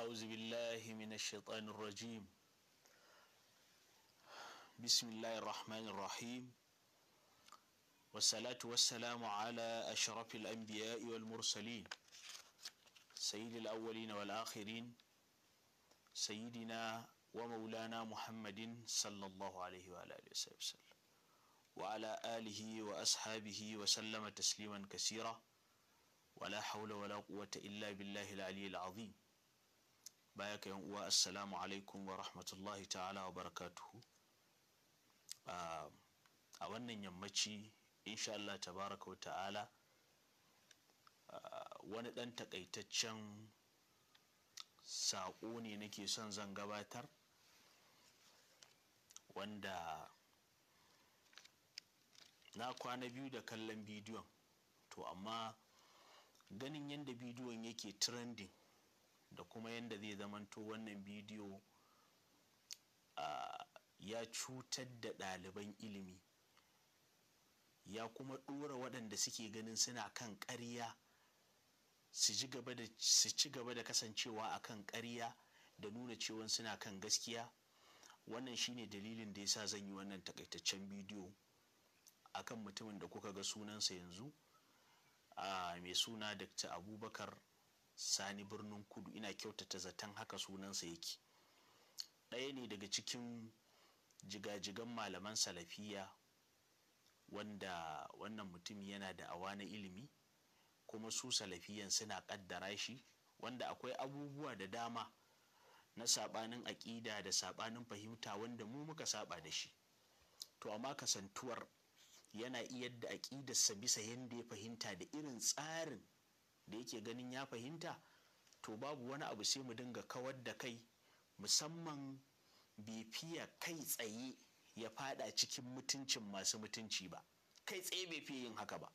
أعوذ بالله من الشيطان الرجيم بسم الله الرحمن الرحيم والصلاة والسلام على أشرف الأنبياء والمرسلين سيد الأولين والآخرين سيدنا ومولانا محمد صلى الله عليه وعلى آله وصحبه وسلم وعلى آله وأصحابه وسلم تسليما كثيرا ولا حول ولا قوة إلا بالله العلي العظيم baya ka uwa assalamu alaikum wa rahmatullahi ta'ala wa barakatuhu ah, a wannan yammaci insha Allah tabaraka wa ta'ala ah, wani ɗan takaitaccen saƙo ne nake son zan gabatar wanda na kwana biyu da kallon bidiyon to amma ganin yadda bidiyon yake trending da kuma yadda zai zamanto wannan bidiyo ya cutar da ɗaliban ilimi ya kuma ɗora waɗanda suke ganin suna kan ƙarya su ci gaba da kasancewa a kan ƙarya da nuna cewa suna kan gaskiya wannan shine dalilin da ya sa zan yi wannan takaitaccen bidiyo akan mutumin da kuka ga sunansa yanzu a mai suna dr abubakar sani birnin kudu ina kyautata zaton haka sunansa yake ɗaya ne daga cikin jigajigan malaman salafiya wanda wannan mutum yana da awa na ilimi kuma su salafiyan suna ƙaddara shi wanda akwai abubuwa da dama na saɓanin aƙida da saɓanin fahimta wanda mu muka saɓa da shi to amma kasantuwar yana iya da aƙidarsa bisa yadda ya fahimta da irin tsarin da yake ganin ya fahimta to babu wani abu sai mu dinga kawar da kai musamman bifiya kai tsaye ya fada cikin mutuncin masu mutunci ba kai tsaye bai fiye yin haka ba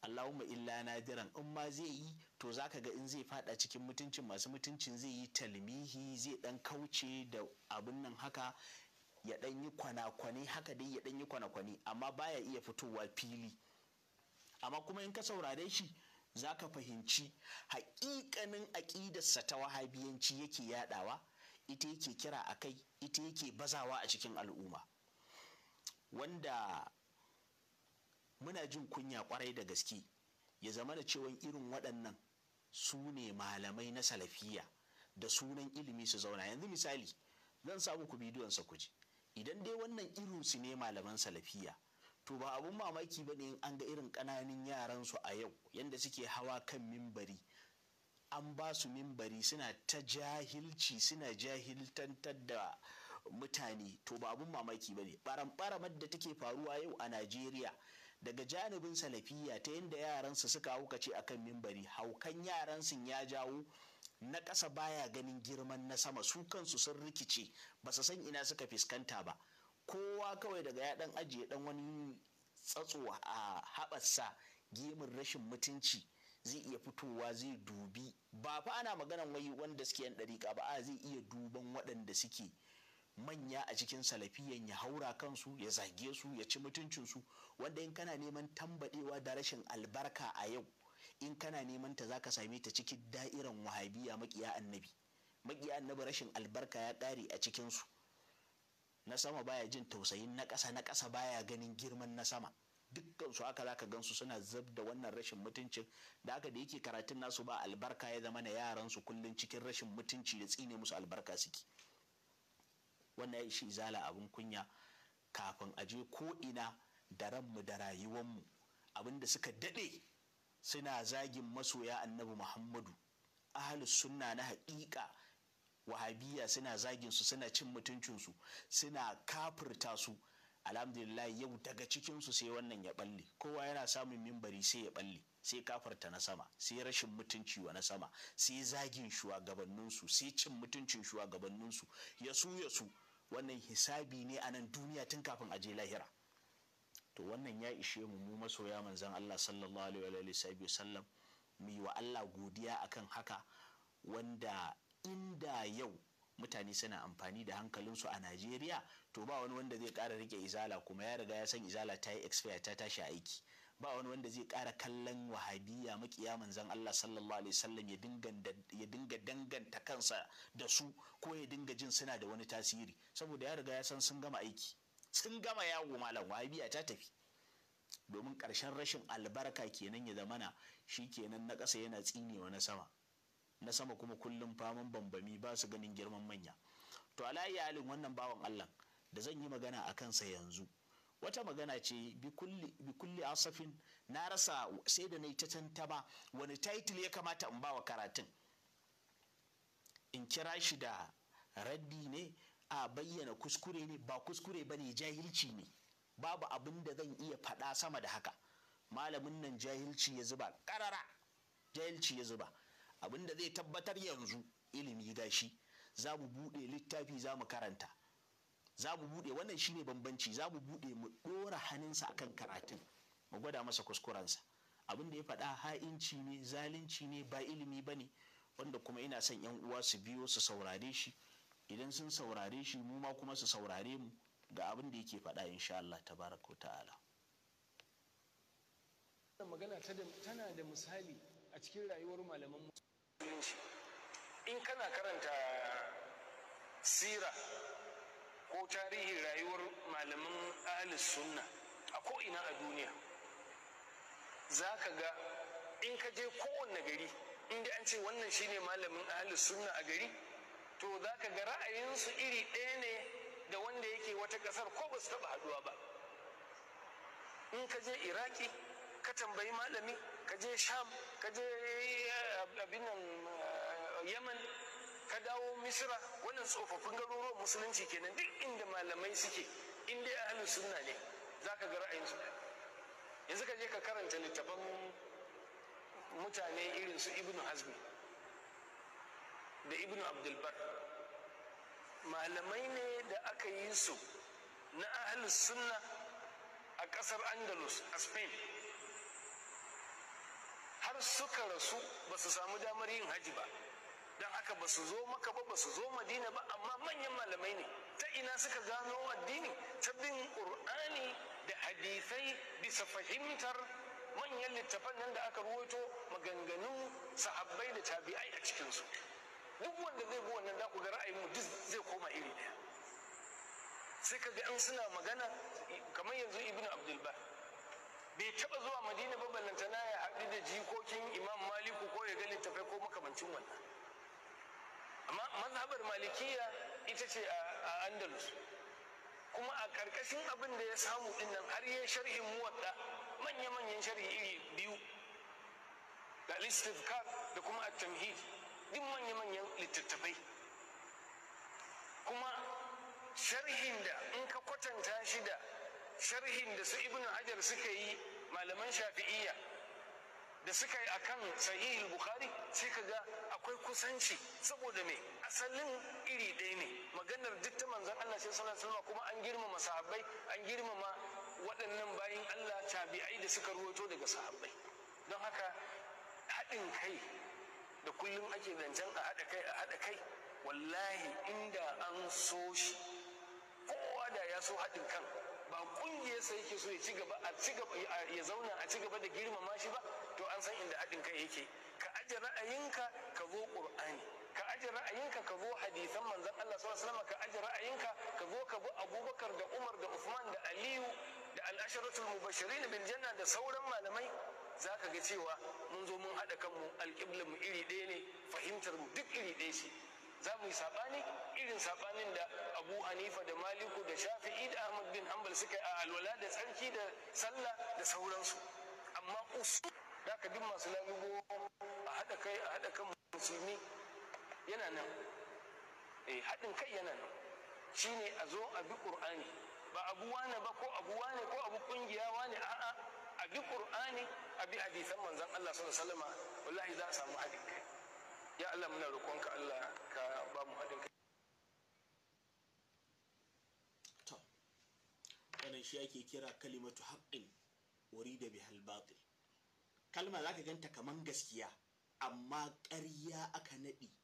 Allahumma illa nadiran in ma zai yi to zaka ga in zai fada cikin mutuncin masu mutuncin zai yi talmihi zai dan kauce da abin nan haka ya dan yi kwanakwane haka dai ya dan yi kwanakwane amma baya iya fitowa fili amma kuma in ka saurare shi za ka fahimci haƙiƙanin aƙidarsa ta wahabiyanci yake yaɗawa ita yake kira a kai ita yake bazawa a cikin al'umma wanda muna jin kunya kwarai da gaske ya zama da cewa irin waɗannan su ne malamai na salafiya da sunan ilimi su zauna yanzu misali zan samu ku bidiyon ku ji idan dai wannan irin su ne malaman salafiya to ba abun mamaki ba ne in an ga irin ƙananun yaran su a yau yadda suke hawa kan mimbari an ba su mimbari suna ta jahilci suna jahiltantar da mutane to ba abun mamaki ba ne barambaramar da take faruwa yau a najeriya daga janibin salafiya ta yadda yaransu suka haukace a kan mimbari haukan yaransu ya jawo na ƙasa baya ganin girman na sama su kansu sun rikice ba su san ina suka fuskanta ba kowa kawai daga ya dan ajiye dan wani tsatso a haɓarsa gemun rashin mutunci zai iya fitowa zai dubi ba fa ana maganan wai wanda suke yan ɗariƙa ba a zai iya duban waɗanda suke manya a cikin salafiyan ya haura kansu ya zage su ya ci mutuncinsu wanda in kana neman tambadewa da rashin albarka a yau in kana neman ta zaka same ta cikin da'iran wahabiya maƙiya annabi Maƙiya annabi rashin albarka ya ƙare a cikinsu na sama baya jin tausayin na ƙasa na ƙasa baya ganin girman na sama dukkan su aka zaka gansu suna zab da wannan rashin mutuncin da aka da yake karatun nasu ba albarka ya zama na yaran su kullun cikin rashin mutunci da tsine musu albarka suke wannan ya shi izala abin kunya kafin a je ko ina da ranmu da rayuwanmu abinda suka daɗe suna zagin masoya annabi muhammadu ahlus sunna na haƙiƙa wahabiya suna zagin su suna cin mutuncinsu suna kafirta su alhamdulillah yau daga cikinsu sai wannan ya balle kowa yana samun mimbari sai ya balle sai kafarta na sama sai rashin mutunci wa na sama sai zagin shugabanninsu sai cin mutuncin shugabanninsu ya su ya su wannan hisabi ne a nan duniya tun kafin aje lahira to wannan ya ishe mu mu masoya manzon Allah sallallahu alaihi wa sallam mu yi wa Allah godiya akan haka wanda inda yau mutane suna amfani da hankalinsu a najeriya to ba wani wanda zai ƙara rike izala kuma ya riga ya san izala ta yi expire ta tashi aiki ba wani wanda zai ƙara kallon wahabiya makiya manzon Allah sallallahu alaihi wasallam ya dinga danganta kansa da su ko ya dinga jin suna da wani tasiri saboda ya riga ya san sun gama aiki sun gama yawo malam wahabiya ta tafi domin ƙarshen rashin albarka kenan ya zamana shi kenan na ƙasa yana tsinewa na sama na sama kuma kullum faman bambami ba su ganin girman manya to ala alin wannan bawan allah da zan yi magana a kansa yanzu wata magana ce bi kulli asafin na rasa sai da na yi ta tantama wani title ya kamata in ba wa karatun in kira shi da raddi ne a bayyana kuskure ne ba kuskure ba ne jahilci ne babu abin da zan iya faɗa sama da haka malamin nan jahilci ya zuba ƙarara jahilci ya zuba abin da zai tabbatar yanzu ilimi gashi za mu buɗe littafi za mu karanta za mu buɗe wannan shine bambanci za mu buɗe mu ɗora hannunsa akan karatun mu gwada masa kuskurensa abin da ya faɗa ha'inci ne zalunci ne ba ilimi ba ne wanda kuma ina son yan uwa su biyo su saurare shi idan sun saurare shi mu ma kuma su saurare mu ga abin da yake faɗa insha Allah tabaraka ta'ala magana tana da misali a cikin rayuwar malaman musulmi musulunci in kana karanta sira ko tarihin rayuwar malaman ahalis sunna a ko'ina a duniya za ka ga in ka je kowanne gari inda an ce wannan shine malamin ahalis sunna a gari to za ka ga ra'ayinsu iri ɗaya ne da wanda yake wata ƙasar ko ba su taɓa haɗuwa ba in ka je iraki ka tambayi malami ka je sham ka je eh, abin nan eh, yaman ka dawo Misira. wannan tsofaffin garuruwan musulunci kenan duk inda malamai suke Inda dai ahlus sunna ne za ka ga ra'ayinsu yanzu ka je ka karanta littafan mutane irin su ibnu hazmi da ibnu abdulbar malamai ne da aka yi su na ahalus sunna a ƙasar andalus a spain har suka rasu ba su samu damar yin haji ba don aka ba su zo maka ba ba su zo madina ba amma manyan malamai ne ta ina suka gano addini ta bin ƙur'ani da hadisai bisa fahimtar manyan littafan nan da aka ruwaito maganganun sahabbai da tabi'ai a cikinsu duk wanda zai bi wannan ku ga ra'ayin mu duk zai koma iri ɗaya sai ka ga an suna magana kamar yanzu Ibn abdulbar bai taba zuwa madina ba ballantana ya haɗu da jikokin imam maliku ko ya ga tafai ko makamancin wannan amma mazhabar malikiya ita ce a andalus kuma a ƙarƙashin abin da ya samu dinnan har yin sharhin muwadda manya-manyan sharhi iri biyu da al da kuma a tamhid din manya-manyan littattafai kuma sharhin da in ka kwatanta shi da sharhin da su ibn hajar suka yi malaman shafi'iyya da suka yi kan sahihul bukhari sai ka ga akwai kusanci saboda me asalin iri ɗaya ne maganar duk ta manzon Allah sai sallallahu alaihi kuma an girmama sahabbai an girmama waɗannan bayin Allah tabi'ai da suka ruwato daga sahabbai don haka haɗin kai da kullum ake zancen a haɗa kai a haɗa kai wallahi inda an so shi kowa da ya so haɗin kan Kungiya ya sai yake so ya a ci gaba zauna a ci gaba da girmama shi ba to an san inda haɗin kai yake ka aje ra'ayinka ka zo qur'ani ka aje ra'ayinka ka zo hadisan manzon Allah sallallahu alaihi wasallam ka aje ra'ayinka ka zo ka bi Abubakar da Umar da Uthman da Aliyu da al-asharatul mubashirin bil janna da sauran malamai zaka ga cewa mun zo mun haɗa kanmu al-qibla mu iri ɗaya ne fahimtar mu duk iri ɗaya ce za mu yi saɓani irin saɓanin da abu Anifa da maliku da shafi'i da ahmad bin hanbal suka a alwala da tsarki da sallah da sauransu amma usu da ka duk masu lalubo a haɗa kai a haɗa kan musulmi yana nan eh haɗin kai yana nan shine a zo a bi qur'ani ba abu wane ba ko abu wane ko abu kungiya wane a'a a bi qur'ani a bi hadisan manzon Allah sallallahu alaihi wasallam wallahi za a samu haɗin kai ya Allah muna roƙonka Allah ka shi ake kira kalimatu haƙƙin wuri da bihal batil kalma za zaka ganta kaman gaskiya amma ƙarya aka naɗi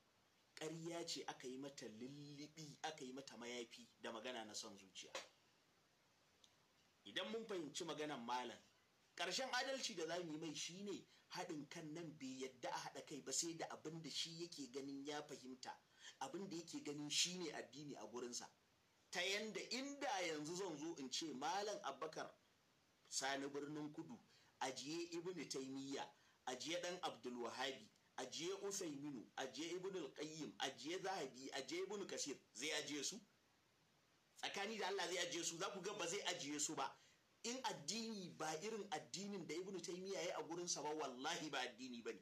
ƙarya ce aka yi mata lullubi aka yi mata mayafi da magana na son zuciya idan mun fahimci maganan malam ƙarshen adalci da za mu yi mai shine haɗin kan nan bai yadda a haɗa kai ba sai da abin da shi yake ganin ya fahimta abin da yake ganin shine addini a gurinsa ta yanda inda yanzu zan zo in ce malam abbakar sani birnin kudu ajiye ibn taimiyya ajiye dan abdulwahabi ajiye usaiminu ajiye ibn alqayyim ajiye zahabi ajiye ibn kasir zai ajiye su tsakani da Allah zai ajiye su za ku ga ba zai ajiye su ba in addini ba irin addinin da ibn taimiyya ya a gurin sa ba wallahi ba addini ba ne.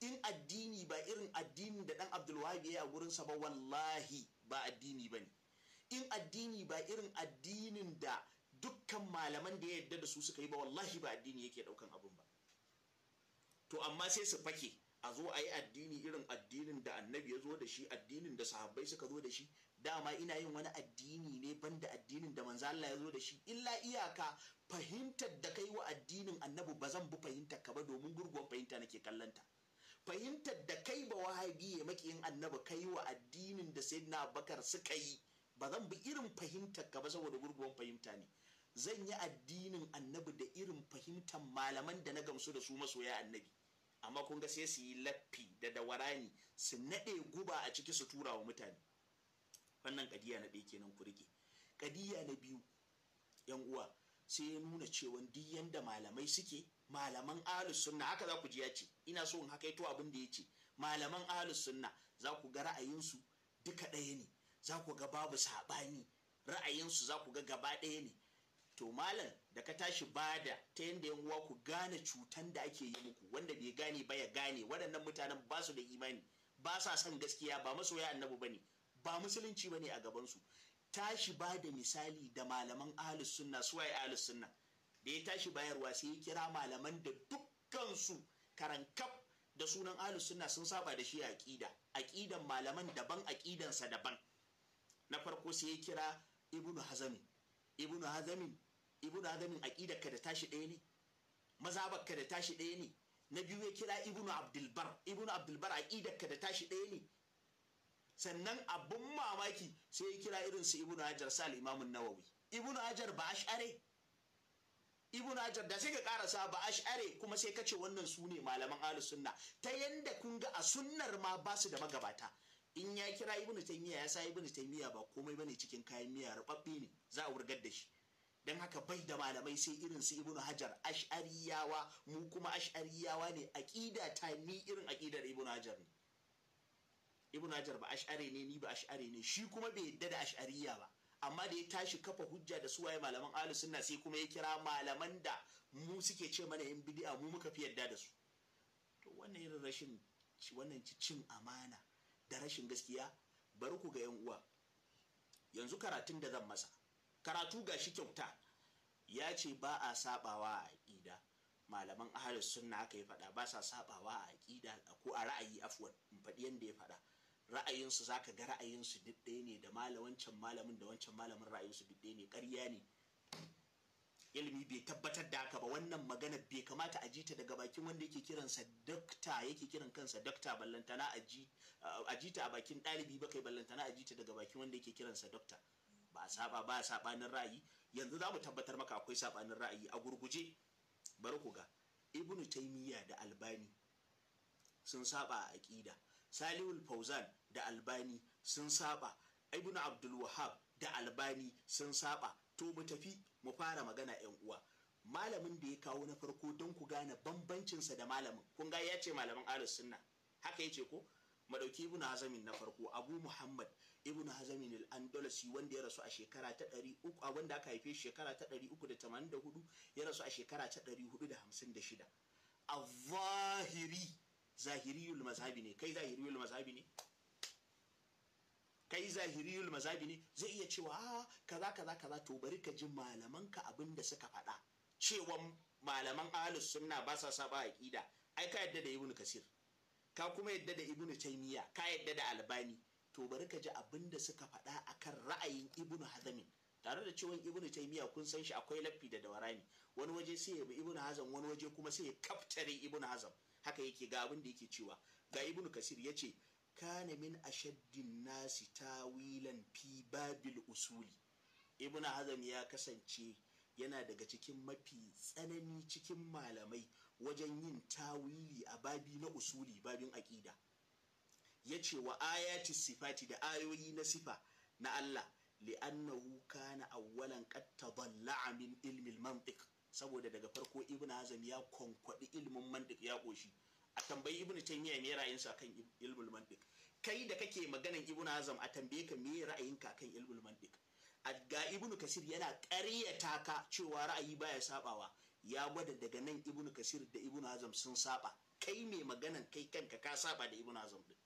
in addini ba irin addinin da dan abdulwahabi ya a gurin sa ba wallahi ba addini ba ne. in addini ba irin addinin da dukkan malaman da ya yarda da su suka yi ba wallahi ba addini yake daukan abin ba to amma sai su fake a zo a yi addini irin addinin da annabi ya zo da shi addinin da sahabbai suka zo da shi dama ina yin wani addini ne banda addinin da manzo Allah ya zo da shi illa iyaka fahimtar da kai wa addinin annabi ba zan bi fahimtar ka ba domin gurguwar fahimta nake kallanta fahimtar da kai ba wahabi ya maki makiyin annabi kai wa addinin da sayyidina bakar suka yi ba zan bi irin fahimtar ka ba saboda gurguwan fahimta ne zan yi addinin annabi da irin fahimtar malaman da na gamsu da su masoya annabi amma kun ga sai su yi laffi da dawarani su naɗe guba a ciki su tura wa mutane wannan kadiya na ɗaya kenan ku rike kadiya na biyu yan uwa sai ya nuna cewa duk yanda malamai suke malaman ahlus sunna haka za ku ji ya ce ina so in haka abin da ya ce malaman ahlus sunna za ku ga ra'ayinsu duka ɗaya ne za ku ga babu saɓani ra'ayinsu za ku ga gaba ɗaya ne to malam da ka tashi bada ta yadda yan uwa ku gane cutan da ake yi muku wanda bai gane ba ya gane waɗannan mutanen ba su da imani ba sa son gaskiya ba masoya annabi bane ba musulunci ba ne a gabansu tashi ba da misali da malaman ahlus sunna waye ahlus sunna da ya tashi bayarwa sai ya kira malaman da dukkansu karankaf da sunan ahlus sunna sun saba da shi a aqida aqidan malaman daban sa daban na farko sai ya kira ibnu hazami ibnu hazami ibnu hazami aqidarka da tashi ɗaya ne mazhabarka da tashi ɗaya ne na biyu ya kira ibnu abdulbar ibnu abdulbar aqidarka da tashi ɗaya ne sannan abun mamaki sai ya kira irin su ibnu hajar sal al-imamun nawawi ibnu hajar ba ash'ari ibn hajar da sai ka karasa ba ash'are kuma sai ka ce wannan su ne malaman ahlus sunna ta yanda kun ga a sunnar ma ba su da magabata in ya kira ibnu taymiya ya sa ibnu taymiya ba komai bane cikin kayan miya rubabbi ne za a wurgar da shi dan haka bai da malamai sai irin su ibn hajar ash'ariyawa mu kuma ash'ariyawa ne aqida ta ni irin aqidar ibn hajar ne ibn hajar ba ash'ari ne ni ba ash'ari ne shi kuma bai yadda da ash'ariya ba amma da ya tashi kafa hujja da suwaye malaman ahlus sunna sai kuma ya kira malaman da mu suke ce mana yan bid'a mu muka fi yadda da su to wannan irin rashin wannan cin amana da rashin gaskiya bari ku ga 'yan uwa yanzu karatun da zan masa karatu ga shi kyauta ya ce ba a sabawa a aƙida malaman ahalus sunna aka yi faɗa ba sa sabawa a aƙida ko a ra'ayi afwan in faɗi yanda ya faɗa ra'ayinsu zaka ga ra'ayinsu duk ɗaya ne da malamin malamin da wancan malamin ra'ayinsu duk ɗaya ne ƙarya ne ilimi bai tabbatar da haka ba wannan magana bai kamata a ji ta daga bakin wanda yake kiransa dokta yake kiran kansa dokta ballantana a ji ta a bakin ɗalibi ba kai ballantana a ji ta daga bakin wanda yake kiransa dokta ba saba ba sabanin ra'ayi yanzu za mu tabbatar maka akwai sabanin ra'ayi a gurguje bari ku ga ibnu taymiya da albani sun saba a aqida salihul fauzan da albani sun saba ibnu abdul wahab da albani sun saba to mu tafi mu fara magana yan uwa malamin da ya kawo na farko don ku gane bambancinsa da malamin kun ga ya ce malamin ahlus sunna haka ya ce ko Madauki Ibn ibnu hazamin na farko abu muhammad ibnu hazamin al-andalusi wanda ya rasu a shekara ta 300 wanda aka haife shekara ta 384 ya rasu a shekara ta 456 a zahiri zahiriyul mazhabi ne kai zahiriyul mazhabi ne kai maza mazabi ne zai iya cewa a ah, kaza kaza kaza to bari ka ji malaman ka abin da suka faɗa cewa malaman ahlus sunna ba sa saba aqida ai ka yadda da ibnu kasir ka kuma yadda da ibnu taymiya ka yadda da albani to bari ka ji abin da suka faɗa akan ra'ayin ibnu hazamin tare da cewa ibnu taymiya kun san shi akwai laffi da dawarani wani waje sai ya bi ibnu hazam wani waje kuma sai ya kaftare ibnu hazam haka yake ga abin da yake cewa ga ibnu kasir ya ce كان من أشد nasi tawilan fi باب usuli ibn hazm ya kasance yana daga cikin mafi tsanani cikin malamai wajen yin tawili a babi na usuli babin aƙida ya ce wa ayati sifati da ayoyi na sifa na Allah li'annahu kana awwalan qad tadalla min ilmi al-mantiq saboda daga farko ibn hazm ya konkwadi ilmin mantiq ya koshi a tambayi ibnu taymiya me ra'ayinsa akan ilmul mantiq kai da kake maganan ibn azam a tambaye ka me ra'ayinka akan ilmul mantiq ga ibnu kasir yana ƙaryata ka cewa ra'ayi baya sabawa ya gwada daga nan ibnu kasir da ibn azam sun saba kai me maganan kai kanka ka saba da ibn azam din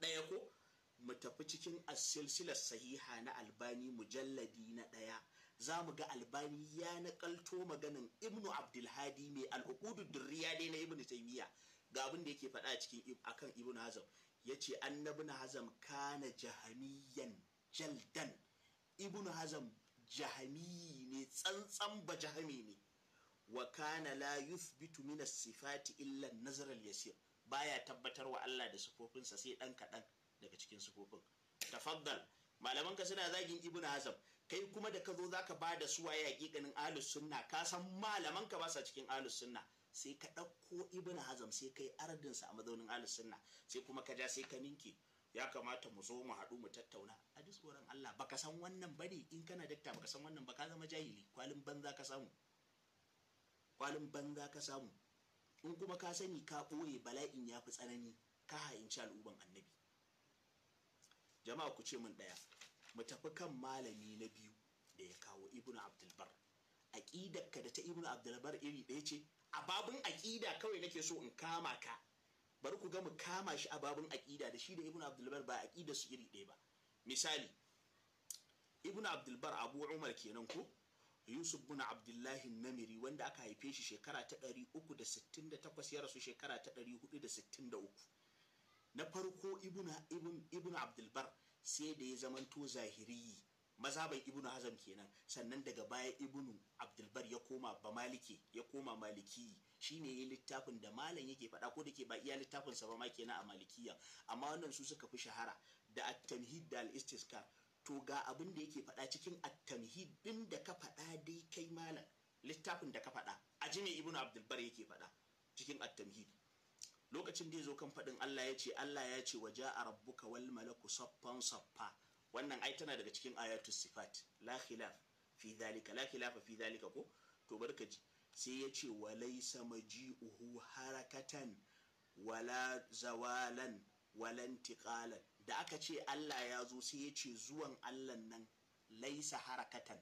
daya ko mu tafi cikin asilsilar sahiha na albani mujalladi na ɗaya za mu ga albani ya nakalto maganin ibnu abdulhadi mai al'ukudu durriya dai na ibnu taimiya ga abin da yake faɗa cikin akan ibnu hazam ya ce na hazam kana jahamiyan jaldan ibnu hazam jahami ne tsantsan ba jahami ne wa kana la yuthbitu min sifati illa nazar al-yasir baya tabbatar wa Allah da sufofinsa sai dan kadan daga cikin sufofin tafaddal malaman ka suna zagin ibnu hazam kai kuma da ka zo za ka ba da a hakikanin ahlus sunna ka san malaman ka ba sa cikin ahlus sunna sai ka ɗauko ibn hazam sai kai ardinsa a mazaunin ahlus sunna sai kuma ka ja sai ka ninke ya kamata mu zo mu haɗu mu tattauna a duk Allah baka san wannan bane in kana dakta baka san wannan baka zama jahili kwalin banza ka samu kwalin banza ka samu in kuma ka sani ka ɓoye bala'in ya fi tsanani ka ha'inci al'uban annabi jama'a ku ce min ɗaya mu tafi kan malami na biyu da ya kawo ibnu abdulbar aƙidarka da ta ibnu abdulbar iri ɗaya ce a babin aƙida kawai nake so in kama ka bari ku ga mu kama shi a babin aƙida da shi da ibnu abdulbar ba aƙida su iri ɗaya ba misali ibnu abdulbar abu umar kenan ko yusuf bin abdullahi namiri wanda aka haife shi shekara ta 368 ya rasu shekara ta 463 na farko ibnu ibn, ibn abdulbar sai da ya zamanto zahiri bai ibnu hazam kenan sannan daga baya ibnu abdulbar ya koma ba maliki ya koma maliki shine yi littafin da malam yake faɗa ko da ke ba iya littafin sa ba ma kenan a malikiya amma wannan su suka fi shahara da at-tamhid da al to ga abin da yake faɗa cikin at-tamhid din da ka faɗa dai kai malam littafin da ka faɗa ajime ibnu abdulbar yake faɗa cikin at-tamhid lokacin da ya zo kan faɗin Allah ya ce Allah ya ce wa ja'a rabbuka wal malaku saffan saffa wannan ai tana daga cikin ayatu sifat la khilaf fi dhalika la fi dhalika ko to barka ji sai ya ce wa laysa maji'uhu harakatan wala zawalan wala da aka ce Allah ya zo sai ya ce zuwan Allah nan laisa harakatan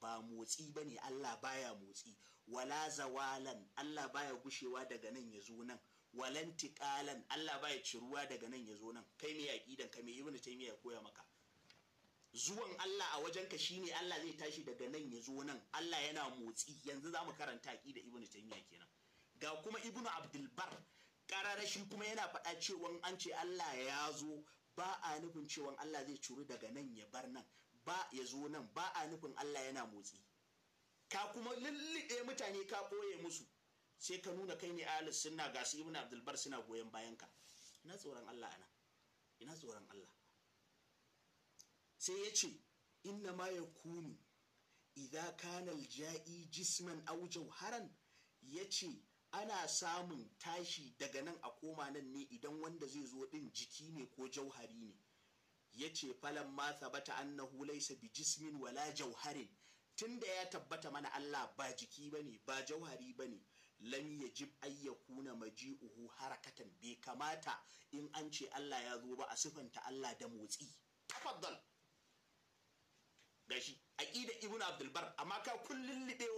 ba motsi bane Allah baya motsi wala zawalan Allah baya gushewa daga nan ya zo nan walanti kalan Allah ba ya ci ruwa daga nan ya zo nan kai mai aqidan ka me ibnu taymiya ya koya maka zuwan Allah a wajen shi shine Allah zai tashi daga nan ya zo nan Allah yana motsi yanzu zamu karanta aqida ibnu taymiya kenan ga kuma ibnu abdul bar shi kuma yana faɗa cewa an ce Allah ya zo ba a nufin cewa Allah zai curu daga nan ya bar nan ba ya zo nan ba a nufin Allah yana motsi ka kuma lulluɗe mutane ka ɓoye musu sai ka nuna kai ne alis sunna ga su ibn abdul bar suna goyon bayan ka ina tsoron Allah ana ina tsoron Allah sai yace ce inna ma yakunu idza kana al-ja'i jisman aw jawharan yace ana samun tashi daga nan a koma nan ne idan wanda zai zo din jiki ne ko jauhari ne yace falan ma thabata annahu laysa bi jismin wala jauharin tunda ya tabbata mana Allah ba jiki bane ba jauhari bane lam yajib ay yakuna maji'uhu harakatan bai kamata in an ce Allah ya zo ba a sifanta Allah da motsi tafaddal gashi aqida ibnu abdul bar amma ka kun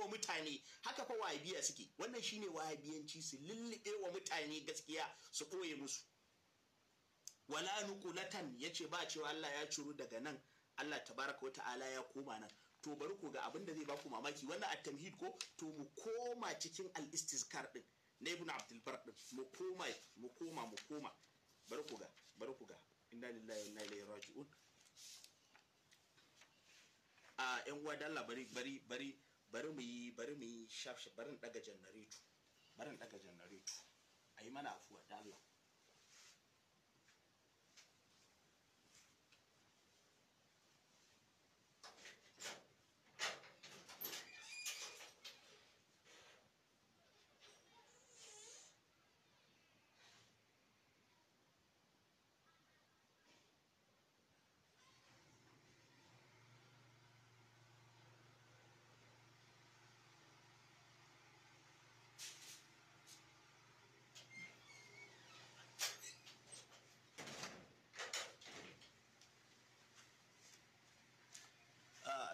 wa mutane haka fa wahabiya suke wannan shine wahabiyanci su lullube wa mutane gaskiya su koye musu wala nuqulatan yace ba cewa Allah ya ciro daga nan Allah tabaraka wa ta'ala ya koma nan to bari ku ga abin da zai baku mamaki wannan a tamhid ko to mu koma cikin al-istizkar din na ibn abdul bar din mu koma mu koma mu koma bari ku ga bari ku ga inna lillahi wa inna ilaihi raji'un a yan uwa da Allah bari bari bari bari mu yi bari mu yi shaf bari daga janareto bari daga janareto ayi mana afuwa da Allah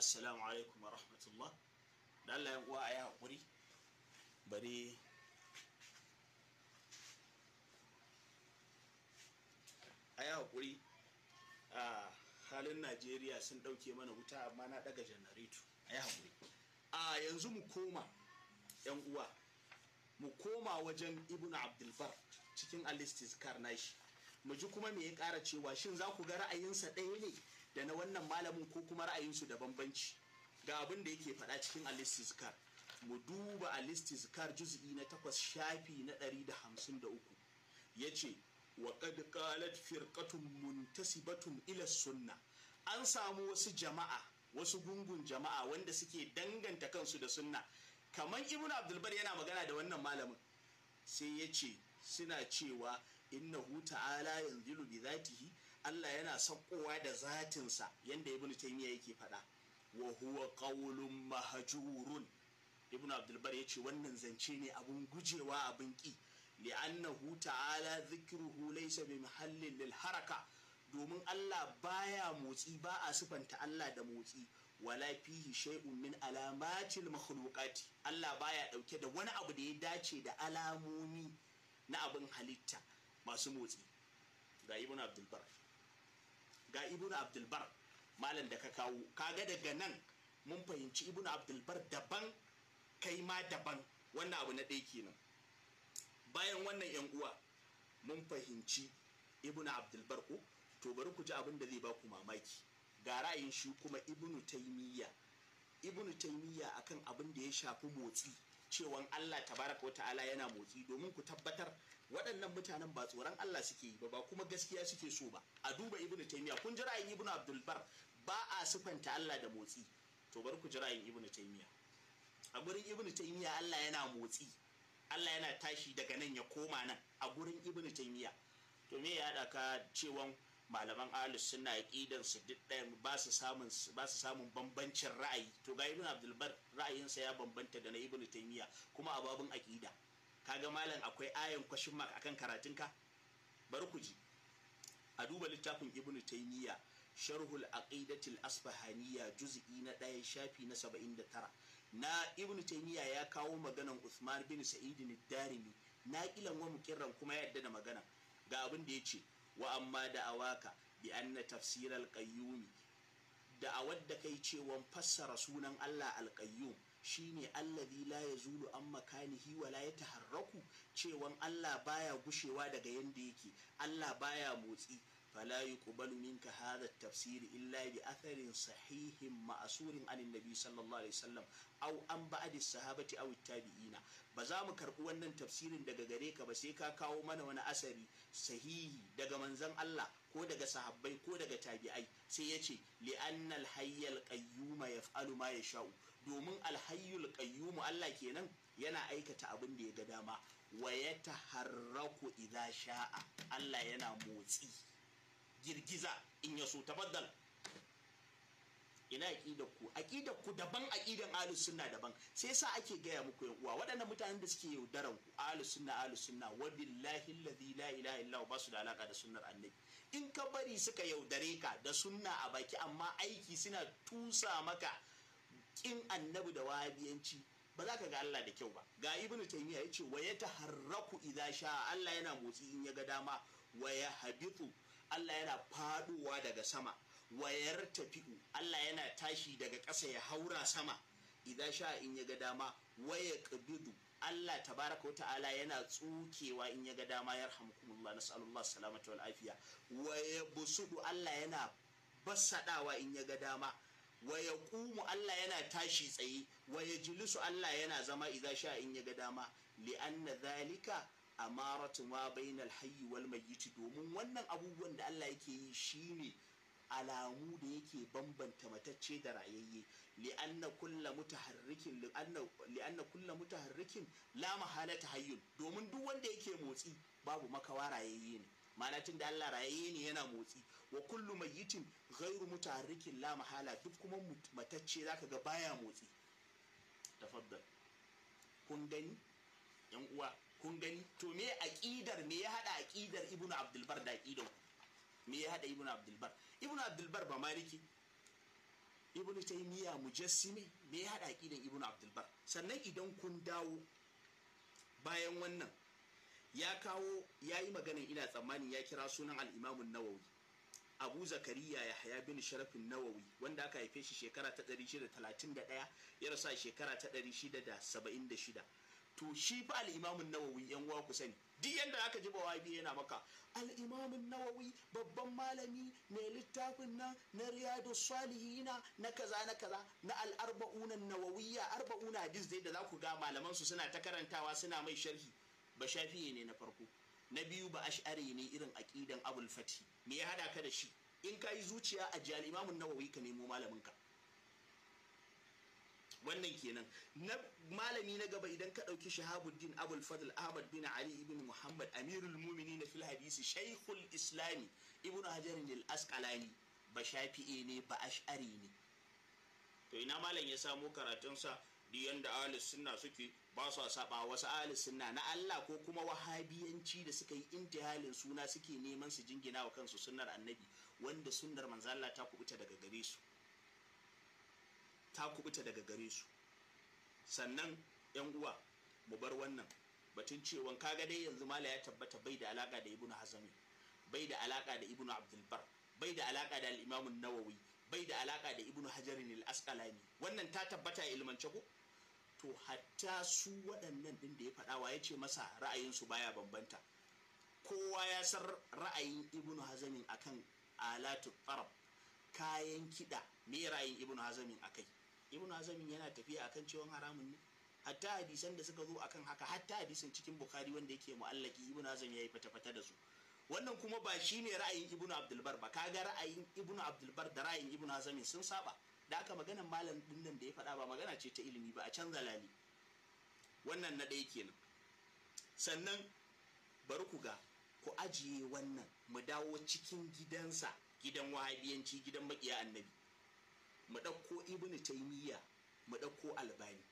assalamu alaikum wa rahmatullah da Allah uwa a yi haƙuri bari a yi haƙuri a halin najeriya sun ɗauke mana wuta amma na ɗaga janareto a yi haƙuri a yanzu mu koma yan uwa mu koma wajen ibn abdulbar cikin alistis karnashi mu ji kuma me ya ƙara cewa shin za ku ga ra'ayinsa ɗaya ne da na wannan malamin ko kuma ra'ayinsu da bambanci ga abin da yake faɗa cikin alistizkar mu duba alistizkar juz'i na takwas shafi na ɗari da hamsin da uku ya ce wa qad qalat firqatun muntasibatun ila sunna an samu wasu jama'a wasu gungun jama'a wanda suke danganta kansu da sunna kamar ibnu abdulbar yana magana da wannan malamin sai ya ce suna cewa innahu ta'ala yanzilu bi zatihi Allah yana saukowa da zatinsa yanda ibn taymiya yake faɗa wa huwa qawlun mahjurun ibn abdulbar ya ce wannan zance ne abin gujewa abin abun ki li'annahu ta'ala dhikruhu laysa bi mahallin lil haraka domin Allah baya motsi ba a sifanta Allah da motsi wala fihi shay'un min alamatil makhluqati Allah baya dauke da wani abu da ya dace da alamomi na abin halitta masu motsi ga ibn abdulbar ga ibnu abdulbar malam da ka kawo kaga daga nan mun fahimci ibnu abdulbar daban kai ma daban wannan abu na ɗaya kenan bayan wannan yan uwa mun fahimci Ibnu abdulbar ko to bari ku ji abin da zai ba ku mamaki ga ra'ayin shi kuma Ibnu taimiyya ibnu taimiyya akan abin da ya shafi motsi cewan Allah tabaraka wa ta'ala yana motsi domin ku tabbatar waɗannan mutanen ba tsoron Allah suke yi ba ba kuma gaskiya suke so ba a duba ibnu taymiya kun ji ra'ayin ibnu abdul bar ba a sifanta Allah da motsi to bari ku ji ra'ayin ibnu taymiya a gurin ibnu taymiya Allah yana motsi Allah yana tashi daga nan ya koma nan a gurin ibnu taymiya to me ya haɗa ka cewan malaman ahlus sunna aqidan su duk ɗaya ba su samun bambancin ra'ayi to ga ibnu abdul bar ra'ayinsa ya bambanta da na ibnu taymiya kuma a babun aqida kaga malam akwai ayan kwashin mark akan karatunka bari ku ji a duba littafin ibnu taymiya sharhul aqidatil asbahaniya juz'i na ɗaya shafi na 79 na ibnu taymiya ya kawo maganan usman bin sa'id darimi na kilan wa mukirran kuma ya yadda da magana ga abin da yace wa amma da awaka bi anna al qayyumi da awadda kai cewa fassara sunan Allah al-qayyum shine allazi la yazulu an makanihi wala ya yataharraku cewan Allah baya gushewa daga yanda yake Allah baya motsi fala yuqbalu minka hadha at-tafsir illa bi atharin sahihin ma'surin an annabi sallallahu alaihi wasallam aw an ba'di sahabati aw tabi'ina ba za mu karbi wannan tafsirin daga gare ka ba sai ka kawo mana wani asari sahihi daga manzon Allah ko daga sahabbai ko daga tabi'ai sai yace ya al li'annal hayyal qayyum yaf'alu ma yasha'u domin alhayyul qayyum Allah kenan yana aikata abin da ya ga dama wa ya taharraku idza sha'a Allah yana motsi girgiza in ya so tabaddal ina aqidar ku aqidar ku daban aqidan ahlus sunna daban sai yasa ake gaya muku yan uwa waɗannan mutanen da suke yaudaran ku ahlus sunna ahlus sunna wa billahi alladhi la ilaha illa huwa basu da alaka da sunnar annabi in ka bari suka yaudare ka da sunna a baki amma aiki suna tusa maka kin annabi da wahabiyanci ba za ka ga Allah da kyau ba ga ibnu taymiya yace wa yataharraku idza sha Allah yana motsi in ya ga dama wa yahbitu Allah yana faduwa daga sama wa yartafi'u Allah yana tashi daga ƙasa ya haura sama idza sha in ya ga dama wa yaqbidu Allah tabaraka ta'ala yana tsukewa in ya ga dama yarhamukumullah nas'alullah salamata wal afiya wa yabsudu Allah yana basadawa in ya ga dama Waya ya Allah yana tashi tsaye waya jilisu Allah yana zama idan sha in ya ga dama li'anna zalika amaratu ma bainal hayyi wal mayyit domin wannan abubuwan da Allah yake yi shine alamu da yake bambanta matacce da rayayye li'anna kulla mutaharrikin li'anna kulla mutaharrikin la mahalata hayyun domin duk wanda yake motsi babu makawa rayayye ne ma'ana tun da Allah raye ne yana motsi wa kullu mayyitin ghairu mutaharrikin la mahala duk kuma matacce zaka ga baya motsi tafaddal kun gani yan uwa kun gani to me aqidar me ya hada aqidar ibnu abdul bar da aqidar me ya hada ibnu abdul bar ibnu abdul bar ba maliki ibnu taymiya mujassimi me ya hada aqidar ibnu abdul bar sannan idan kun dawo bayan wannan ya kawo ya yi maganin ina tsammanin ya kira sunan al'imamun nawawi abu zakariya ya haya bin sharafin nawawi wanda aka haife shi shekara ta 631 ya rasa shekara ta 676 to shi fa al'imamun nawawi yan uwa ku sani duk yanda aka ji biyu yana maka al'imamun nawawi babban malami mai littafin nan na riyadu salihina na kaza na kaza na al'arba'unan nawawiya arba'una hadis dai da za ku ga malaman su suna ta karantawa suna mai sharhi ba shafi'i ne na farko na biyu ba ash'ari ne irin aqidan abul fati me ya hada ka da shi in ka zuciya a jihar imamun nawawi ka nemo malamin ka wannan kenan na malami na gaba idan ka ɗauki shahabuddin abul fadl ahmad bin ali ibn muhammad amirul mu'minin na fil hadisi shaykhul islami ibn hajar al asqalani ba shafi'i ne ba ash'ari ne to ina malam ya samo karatunsa di yanda ahli sunna suke ba su saba wasu ahli sunna na Allah ko kuma wahabiyanci da suka yi intihalin suna suke neman su jingina wa kansu sunnar annabi wanda sunnar manzo Allah ta kubuta daga gare su ta kubuta daga gare su sannan yan uwa mu bar wannan batun cewa kaga dai yanzu mala ya tabbata bai da alaka da ibnu hazami bai da alaka da ibnu abdul bar bai da alaka da al-imam an-nawawi bai da alaka da ibnu hajarin al-asqalani wannan ta tabbata a ilmance ko to hatta su waɗannan din da ya faɗa wa ya ce masa ra'ayinsu baya bambanta kowa ya san ra'ayin ibnu hazamin akan alatu tarab kayan kiɗa me ra'ayin ibnu hazamin kai. ibnu hazamin yana tafiya akan ciwon haramun ne hatta hadisan da suka zo akan haka hatta hadisan cikin bukhari wanda yake mu'allaki ibnu ya yayi fata-fata da su wannan kuma ba shi ne ra'ayin ibnu abdulbar ba kaga ra'ayin ibnu abdulbar da ra'ayin ibnu hazami sun saba da aka magana malam din da ya faɗa ba magana ce ta ilimi ba a canza lali wannan na ɗaya kenan sannan bari ku ga ku ajiye wannan mu dawo cikin gidansa gidan wahabiyanci gidan makiya annabi mu ɗauko ibnu taimiyya mu ɗauko albani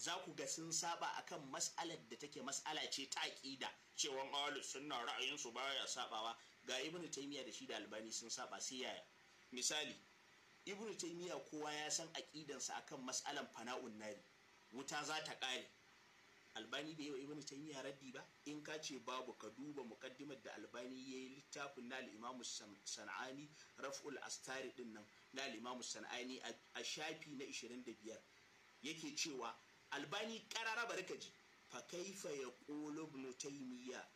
za ku ga sun saba akan mas'alar da take mas'ala ce ta aƙida cewa ahlus sunna ra'ayin su baya sabawa ga ibnu taymiya da shi da albani sun saba sai yaya misali ibnu taymiya kowa ya san aqidansa akan mas'alan fana'un nari wuta za ta ƙare albani bai yi wa ibnu taymiya raddi ba in ka ce babu ka duba muqaddimar da albani ya yi littafin na al-imam sanani raf'ul astari din nan na al-imam sanani a shafi na 25 yake cewa albani karara bari ka ji fa kaifa yaqulu ibn taymiya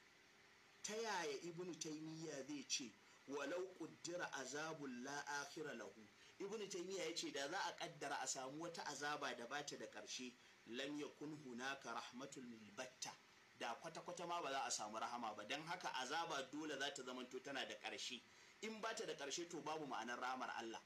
ta yaya ibn taymiya zai ce walau ƙuddira azabul la akhira lahu ibn taymiya yace da za a kaddara a samu wata azaba da bata da karshe lam yakun hunaka rahmatul batta da kwata-kwata ma ba za a samu rahama ba dan haka azaba dole za ta zamanto tana da ƙarshe in ba ta da ƙarshe to babu ma'anar rahamar Allah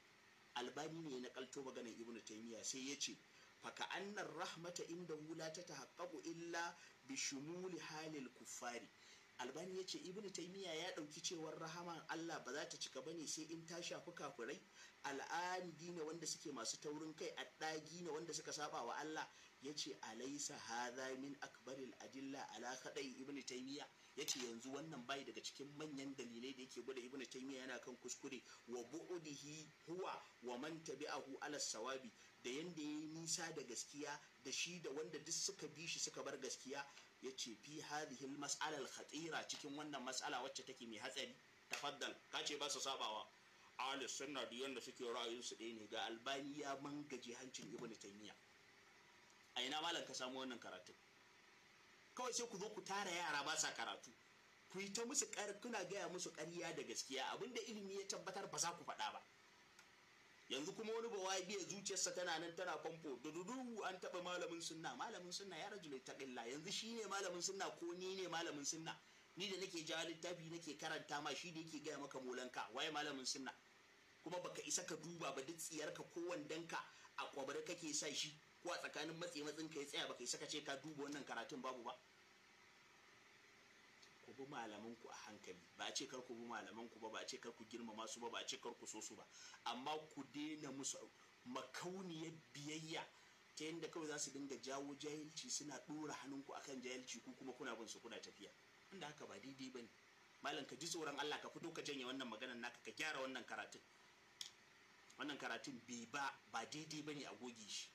albani ne na ƙalto maganar Ibn taymiya sai yace. faka annar rahmata inda wula ta tahaqqaqu illa bi shumuli halil kuffari albani ya ce ibn taimiyya ya ɗauki cewar rahaman allah ba za ta cika ba ne sai in ta shafi kafirai al'adi ne wanda suke masu taurin kai a ɗagi ne wanda suka saba wa allah ya ce alaisa hadha min akbaril adilla ala kadai ibn taimiyya ya ce yanzu wannan bai daga cikin manyan dalilai da yake gwada ibn taimiyya yana kan kuskure wa bu'udihi huwa wa man tabi'ahu ala sawabi da yanda ya yi nisa da gaskiya da shi da wanda duk suka bi shi suka bar gaskiya ya ce fi hadihil mas'alal khatira cikin wannan mas'ala wacce take mai hatsari tafaddal ka ce ba su sabawa ahli sunna da yanda suke ra'ayin su ɗaya ne ga albani ya mangaje hancin ibnu taymiya a ina malam ka samu wannan karatu kawai sai ku zo ku tara yara ba sa karatu ku yi ta musu kuna gaya musu ƙarya da gaskiya abinda ilimi ya tabbatar ba za ku faɗa ba yanzu kuma wani ba wai biya zuciyarsa tana nan tana famfo da dudu an taba malamin sunna malamin sunna ya rajul taqilla yanzu shine malamin sunna ko ni ne malamin sunna ni da nake jawo littafi nake karanta ma shi da yake gaya maka molanka waye malamin sunna kuma baka isa ka duba ba duk ka ko ka a kwabar kake sa shi ko a tsakanin matsi matsin ka ya tsaya baka isa ka ce ka duba wannan karatun babu ba bi malamanku a hankali ba a ce kar ku bi malamanku ba ba a ce kar ku girmama su ba ba a ce kar ku so su ba amma ku daina musu makauniyar biyayya ta yadda kawai za su dinga jawo jahilci suna ɗora hannunku akan jahilci ku kuma kuna bin su kuna tafiya inda haka ba daidai ba ne malam ka ji tsoron Allah ka fito ka janye wannan maganar naka ka gyara wannan karatun wannan karatun bai ba ba daidai ba ne a goge shi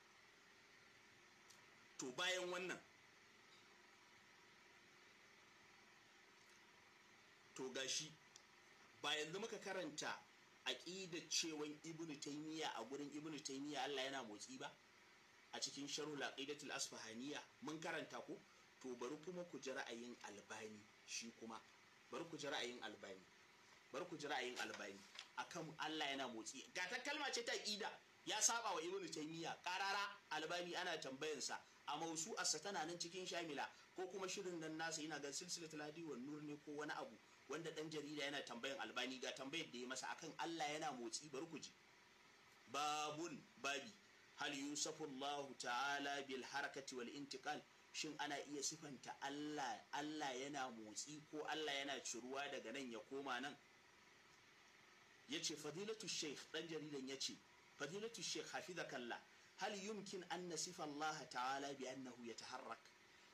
to bayan wannan to gashi ba yanzu muka karanta ƙida cewan ibnu taymiya a gurin ibnu taymiya Allah yana motsi ba a cikin sharhul aqidatul asfahaniya mun karanta ko to bari kuma ku ji ra'ayin albani shi kuma bari ku ji ra'ayin albani bari ku ji ra'ayin albani akan Allah yana motsi ga ta kalma ce ta aqida ya saba wa ibnu taymiya qarara albani ana tambayansa a mausu asa tana nan cikin shamila ko kuma shirin nan nasa yana ga silsilatul hadi wa nur ne ko wani abu wanda dan jarida yana tambayan albani ga tambayar da ya masa akan Allah yana motsi bari ku ji babun babi hal yusafullahu ta'ala bil harakati wal intiqal shin ana iya sifanta Allah Allah yana motsi ko Allah yana ciruwa daga nan ya koma nan yace fadilatu sheikh dan jaridan yace fadilatu sheikh hafizakallah hal yumkin an nasifa Allah ta'ala bi annahu yataharrak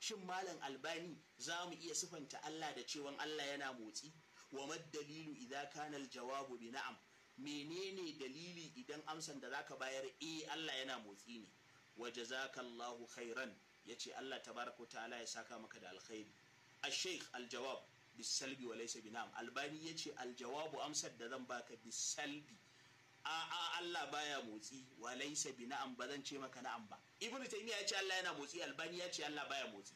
shin malam albani za mu iya sifanta Allah da cewan Allah yana motsi wa dalilu idza kana jawabu bi na'am menene dalili idan amsan da zaka bayar eh Allah yana motsi ne wa jazakallahu khairan yace Allah tabaraka ta'ala ya saka maka da alkhairi al-shaykh al-jawab bisalbi wa laysa binam albani yace al-jawabu amsar da zan baka bisalbi a'a Allah baya motsi wa laysa bi na'am ba zan ce maka na'am ba ibnu taymiya ya ce Allah yana motsi albani ya ce Allah baya motsi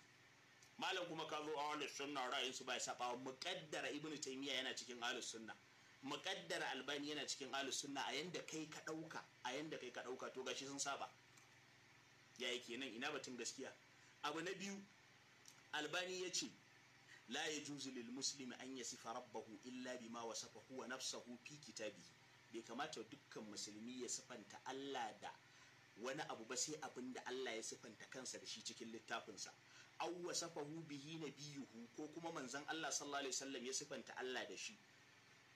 malam kuma ka zo ahlus sunna ra'ayin su bai saba muqaddara ibnu taymiya yana cikin ahlus sunna muqaddara albani yana cikin ahlus sunna a yanda kai ka dauka a yanda kai ka dauka to gashi sun saba ya yake nan ina batun gaskiya abu na biyu albani ya ce la yajuzu lil muslimi an yasifa rabbahu illa bima wasafahu wa nafsahu fi kitabihi bai kamata dukkan musulmi ya sifanta Allah da wani abu ba sai abin da Allah ya sifanta kansa da shi cikin littafinsa aw wasafahu bihi nabiyuhu ko kuma manzon Allah sallallahu alaihi wasallam ya sifanta Allah da shi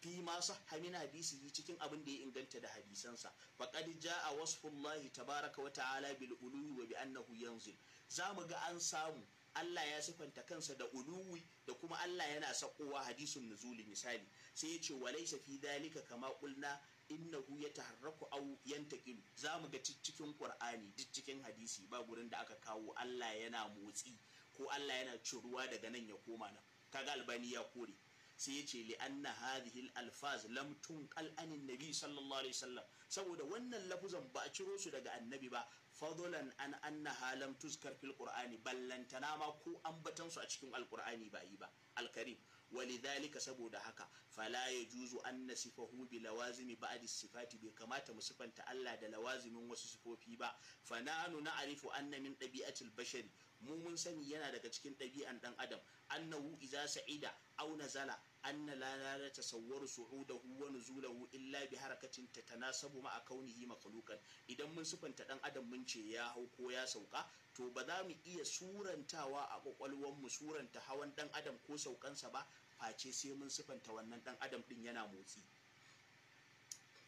fi ma sahha min hadisihi cikin abin da ya inganta da hadisansa faqad jaa wasfullahi tabaraka wa ta'ala bil uluwi wa bi annahu yanzil zamu ga an samu Allah ya sifanta kansa da uluwi da kuma Allah yana sakowa hadisun nuzuli misali sai ya ce walaysa fi dalika kama kulna innahu yataharraku aw yantaqilu zamu ga cikin Qur'ani duk cikin hadisi ba gurin da aka kawo Allah yana motsi ko Allah yana ciruwa daga nan ya koma nan kaga albani ya kore sai ya ce li'anna hadhihi al-alfaz lam tunqal anin nabi sallallahu alaihi wasallam saboda wannan lafuzan ba a ciro su daga annabi ba fadlan an annaha lam tuzkar fil qur'ani ballantana ma ko ambatan su a cikin alqur'ani ba yi ba alkarim walidhalika saboda haka fala yajuzu an nasifahu bi lawazimi a sifati bai kamata mu sifanta Allah da lawazimin wasu sifofi ba fananu na na'rifu anna min ɗabi'atil bashari mu mun sani yana daga cikin ɗabi'an ɗan adam annahu idza sa'ida aw nazala anna la da la tasawwaru su'udahu wa nuzulahu illa bi harakatin tatanasabu ma'a kaunihi makhluqan idan mun sufanta dan adam mun ce ya hau ko ya sauka to ba za mu iya surantawa a kwakwalwar mu suranta hawan dan adam ko saukansa ba face sai mun sufanta wannan dan adam ɗin yana motsi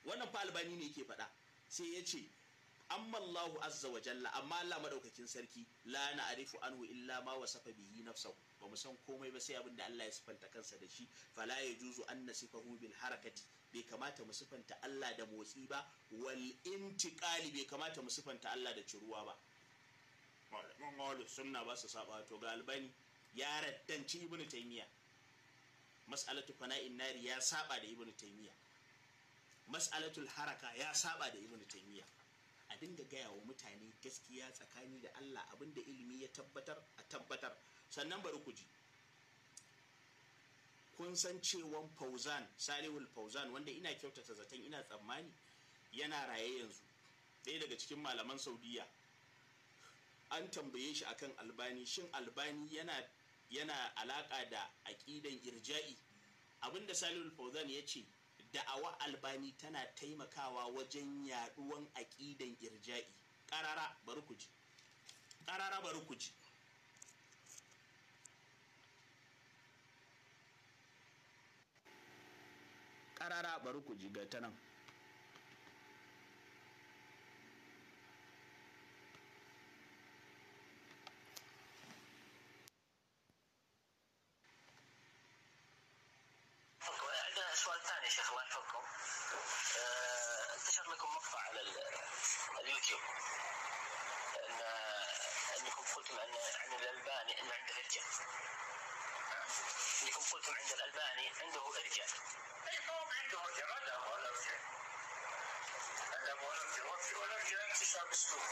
wannan fa ne yake faɗa sai ya ce amma Allahu azza wa jalla amma Allah madaukakin sarki la na'rifu anhu illa ma wasafa bihi nafsahu ba mu san komai ba sai abin da Allah ya sifanta kansa da shi fala yajuzu an nasifahu bil harakati bai kamata mu sifanta Allah da motsi ba wal intiqali bai kamata mu sifanta Allah da ciruwa ba malaman wadu sunna ba su saba to ga albani ya raddanci ibnu taymiya mas'alatu fana'in nari ya saba da ibnu taymiya mas'alatul haraka ya saba da ibnu taymiya a dinga gaya wa mutane gaskiya tsakani da Allah abin da ilimi ya tabbatar a tabbatar sannan bari ku ji kun san cewan fauzan salihul fauzan wanda ina kyautata zaton ina tsammani yana raye yanzu ɗaya daga cikin malaman saudiya an tambaye shi akan albani shin albani yana yana alaka da aƙidan irja'i abinda salihul fauzan ya ce da'awa albani tana taimakawa wajen yaduwan aƙidan irja'i ƙarara bari ku ji ƙarara bari ku ji ƙarara bari ku ji ga ta nan شيخ الله يحفظكم آه انتشر لكم مقطع على اليوتيوب ان انكم قلتم ان عن الالباني انه عنده ارجاء انكم قلتم عند الالباني عنده ارجاء اي طبعا عنده ارجاء ما دام ولا ارجاء ما دام ولا ارجاء انتشر باسلوب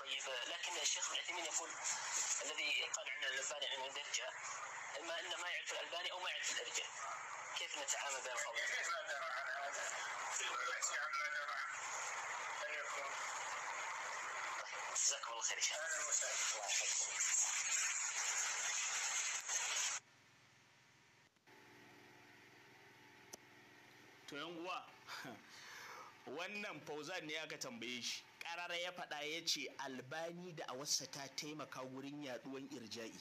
طيب لكن الشيخ ابن عثيمين يقول الذي قال عن الالباني عنده ارجاء اما انه ما يعرف الالباني او ما يعرف الارجاء كيف نتعامل بين كيف هذا؟ التي عما يكون جزاكم الله خير الله يحفظكم to wannan fauzan ne aka tambaye shi karara ya faɗa ya ce albani da a awarsa ta taimaka wurin yaduwan irja'i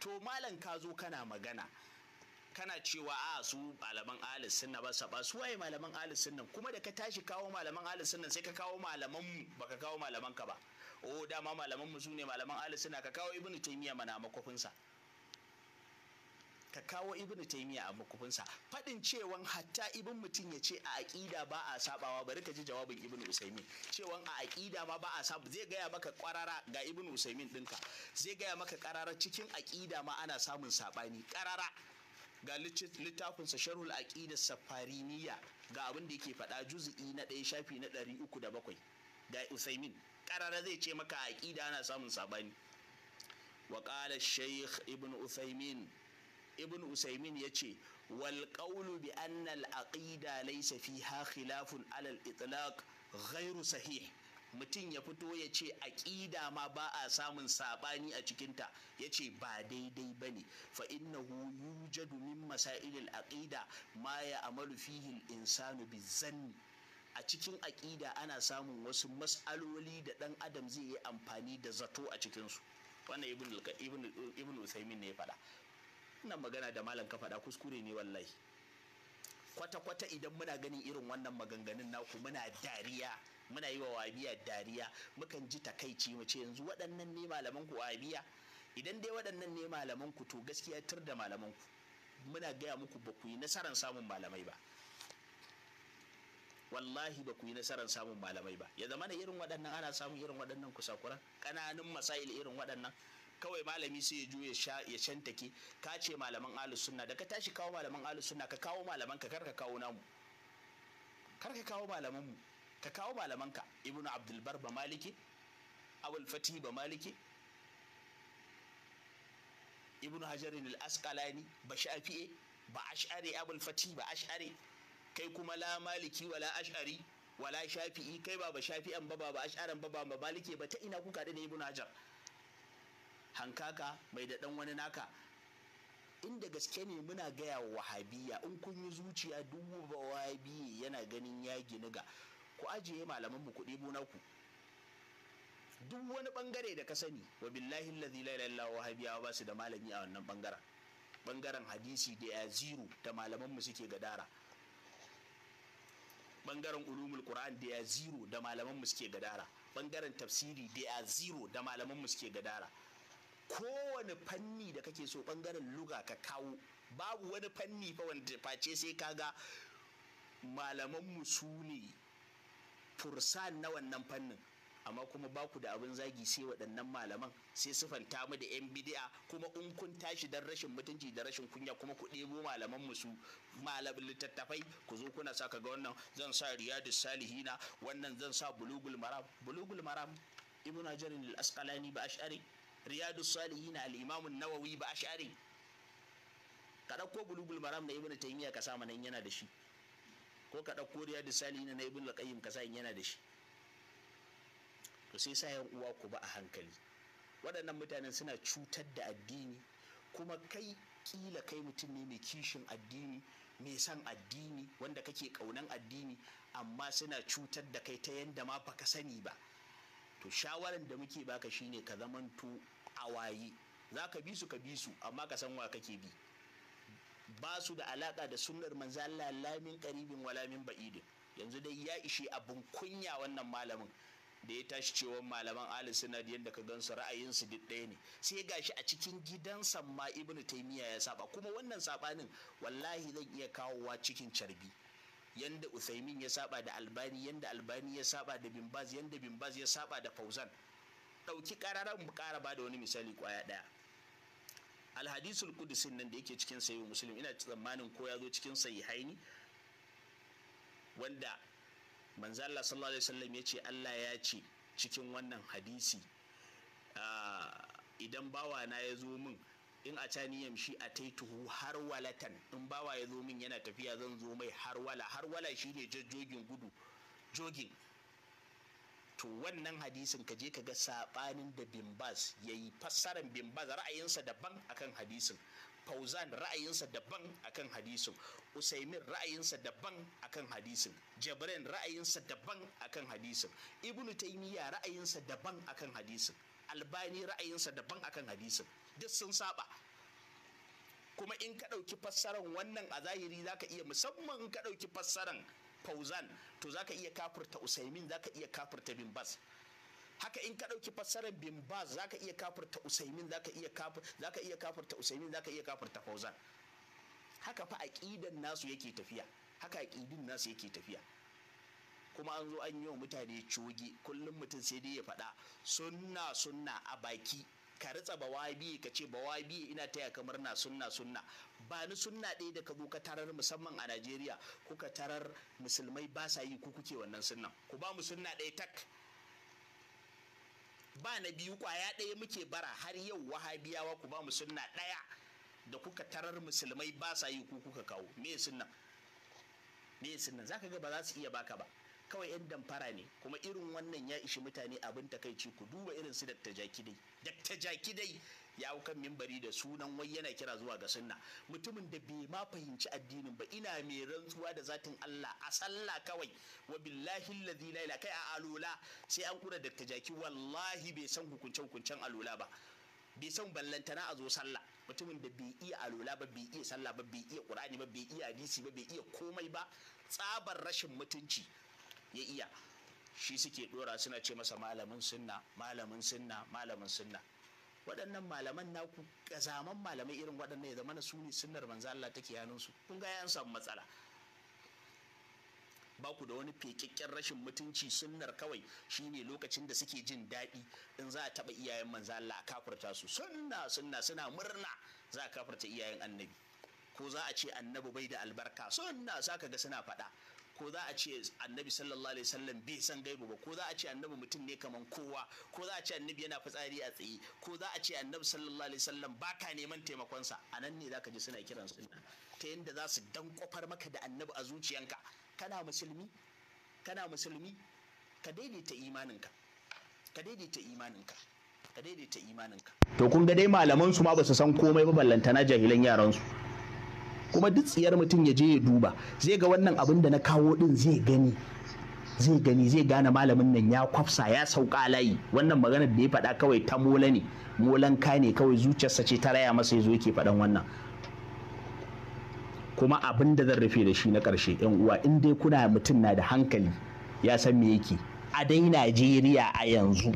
to malam ka zo kana magana kana cewa a ah, su malaman ahli sunna ba su ba su waye malaman ahli sunna kuma da ka tashi kawo malaman ahli sunna sai ka kawo malaman mu baka kawo malaman ka ba oh dama malaman mu sune malaman ahli sunna ka kawo ibnu taymiya mana makofin sa ka kawo ibnu taymiya a sa fadin cewan hatta ibn mutum ya ce a aqida ba a sabawa bari ka ji jawabin ibnu usaymin cewan a aqida ma ba a sab zai gaya maka kwarara ga ibnu usaymin dinka zai gaya maka karara cikin aqida ma ana samun sabani karara ga littafinsa sharhul aqida safariniya ga abin da yake faɗa juzu'i na ɗaya shafi na ɗari uku da bakwai ga usaimin ƙarara zai ce maka aqida ana samun sabani wa qala shaykh ibn usaimin ibn usaimin ya ce wal qawlu bi anna al aqida laysa fiha khilafun ala al itlaq ghairu sahih mutum ya fito ya ce aƙida ma ba a samun saɓani a cikinta ya ce ba daidai ba ne fa innahu yujadu min masailil aƙida ma ya amalu fihi insanu zanni a cikin aƙida ana samun wasu mas'aloli da ɗan adam zai yi amfani da zato a cikinsu wannan ibn usaimin ne ya faɗa wannan magana da malam ka faɗa kuskure ne wallahi kwata-kwata idan muna ganin irin wannan maganganun naku muna dariya muna yi wa wabiya dariya mukan ji takaici mu ce yanzu waɗannan ne malaman ku wabiya idan dai waɗannan ne malaman ku to gaskiya tur da malaman ku muna gaya muku ba ku yi nasarar samun malamai ba wallahi ba ku yi nasarar samun malamai ba ya zama irin waɗannan ana samun irin waɗannan kusakuran ƙananun masail irin waɗannan kawai malami sai ya juya ya shantake ka ce malaman alu sunna da ka tashi kawo malaman alu sunna ka kawo malaman ka kar ka kawo namu kar ka kawo malaman mu ka kawo malamanka ibnu abdulbar ba maliki abul fatih ba maliki ibnu hajarin al-asqalani ba shafi'e ba ash'ari abul fatih ba ash'ari kai kuma la maliki wala ash'ari wala shafi'i kai ba ba shafi'an ba ba ba ash'aran ba ba ba maliki ba ta ina kuka da ibnu hajar hankaka mai da dan wani naka inda gaske ne muna gaya wa wahabiya in kun yi zuciya duk wahabi yana ganin ya gini ga ku ajiye malaman mu ku ɗebo naku duk wani ɓangare da ka sani wa billahi allazi la ilaha illa wahabiyawa ba su da malami a wannan bangaren bangaren hadisi da ya ziro da malaman mu suke gadara bangaren ulumul qur'an da ya ziro da malaman mu suke gadara bangaren tafsiri da ya ziro da malaman mu suke gadara kowane fanni da kake so bangaren luga ka kawo babu wani fanni fa wanda face sai kaga malaman mu su ne fursan na wannan fannin amma kuma ba ku da abin zagi sai waɗannan malaman sai sufanta mu da yan bidi'a kuma in kun tashi dan rashin mutunci da rashin kunya kuma ku ɗebo malaman musu malamin littattafai ku zo kuna sa ga wannan zan sa riyadu salihina wannan zan sa bulugul maram bulugul maram ibn hajar al-asqalani ba ash'ari riyadu salihina al-imam an-nawawi ba ash'ari kada ko bulugul maram da ibn taymiya ka sa nan yana da shi ko ka ɗauko riyadu sali na na ibin qayyim ka sa'in yana da shi to sai sa yan uwa ku ba a hankali waɗannan mutanen suna cutar da addini kuma kai kila kai mutum ne mai kishin addini mai son addini wanda kake ƙaunan addini amma suna cutar da kai ta yanda ma baka sani ba to shawaran da muke baka shine ka zamanto a waye za ka bi su ka bi su amma ka san wa kake bi ba su da alaka da sunnar manzo Allah lamin qaribin wala min ba'idin yanzu dai ya ishe abun kunya wannan malamin da ya tashi cewa malaman ahli sunna da yanda ka gansu ra'ayinsu duk ɗaya ne sai gashi a cikin gidan ma ibnu taymiya ya saba kuma wannan sabanin wallahi zan iya kawowa cikin carbi yanda uthaymin ya saba da albani yanda albani ya saba da bimbaz yanda bimbaz ya saba da fauzan ɗauki ƙararan ƙara ba da wani misali ƙwaya ɗaya alhadisul kudusin nan da yake cikin sayi musulmi ina tsammanin ko ya zo cikin sayi haini wanda manzo Allah sallallahu alaihi wasallam ya ce Allah ya ce cikin wannan hadisi ah, idan bawa na ya zo min in a cani yamshi a taituhu har walatan in bawa ya zo min yana tafiya zan zo mai har wala har wala shine gudu jogin to wannan hadisin ka je ka ga saɓanin da bimbas ya yi fassarar bimbas ra'ayinsa daban akan hadisin fauzan ra'ayinsa daban akan hadisin usaimin ra'ayinsa daban akan hadisin jabrin ra'ayinsa daban akan hadisin ibnu taimiyya ra'ayinsa daban akan hadisin albani ra'ayinsa daban akan hadisin duk sun saba kuma in ka ɗauki fassarar wannan a zahiri za ka iya musamman in ka ɗauki fassarar fauzan to zaka iya kafurta usaimin zaka iya kafurta bin haka in ka ɗauki fassarar bin bas zaka iya kafurta usaimin zaka iya iya kafurta usaimin ka iya kafurta fauzan haka fa aqidan nasu yake tafiya haka aqidin nasu yake tafiya kuma an zo an yi wa mutane coge kullum mutum sai dai ya faɗa sunna sunna a baki ka ritsa bawabi ka ce bawabi ina taya kamar na sunna sunna ba ni sunna ɗaya da ka zo ka tarar musamman a Najeriya kuka tarar musulmai ba sa yi ko kuke wannan sunnan ku ba mu sunna ɗaya tak ba na biyu kwaya ɗaya muke bara har yau wahabiyawa ku ba mu sunna ɗaya da kuka tarar musulmai ba sa yi ku kuka kawo me sunnan me sunnan zaka ga ba za su iya baka ba kawai yan damfara ne kuma irin wannan ya ishi mutane abin takaici ku duba irin su da jakidai ya hau kan mimbari da sunan wai yana kira zuwa ga sunna mutumin da bai ma fahimci addinin ba ina mai rantsuwa da zatin Allah a sallah kawai wa billahi allazi la ilaha kai a alula sai an kura da jaki wallahi bai san hukunce hukuncen alula ba bai san ballantana a zo sallah mutumin da bai iya alula ba bai iya sallah ba bai iya qur'ani ba bai iya hadisi ba bai iya komai ba tsabar rashin mutunci ya iya shi suke dora suna ce masa malamin sunna malamin sunna malamin sunna waɗannan malaman naku kazaman malamai irin waɗannan ya zama na su ne sunnar manzo Allah take su kun ga yan samu matsala ba ku da wani fekikken rashin mutunci sunnar kawai shine lokacin da suke jin daɗi in za a taɓa iyayen manzo Allah a kafarta su sunna sunna suna murna za a kafarta iyayen annabi ko za a ce annabi bai da albarka sunna za ka ga suna faɗa ko za a ce annabi sallallahu alaihi wasallam bai san gaibu ba ko za a ce annabi mutum ne kaman kowa ko za a ce annabi yana fitsari a tsaye ko za a ce annabi sallallahu alaihi wasallam baka neman taimakon a nan ne zaka ji suna kiran sunna ta yanda za su dan kofar maka da annabi a zuciyanka kana musulmi kana musulmi ka daidaita imaninka ka daidaita imaninka ka daidaita imaninka to kun ga dai malaman su ma ba su san komai ba ballantana jahilan yaran su kuma duk tsiyar mutum ya je ya duba zai ga wannan abin da na kawo din zai gani zai gani zai gane malamin nan ya kwafsa ya sauka layi wannan maganar da ya faɗa kawai ta mola ne molan ka ne kawai zuciyarsa ce ta raya masa ya zo yake faɗan wannan kuma abin da zan rufe da shi na ƙarshe yan uwa in dai kuna mutum na da hankali ya san me yake a dai najeriya a yanzu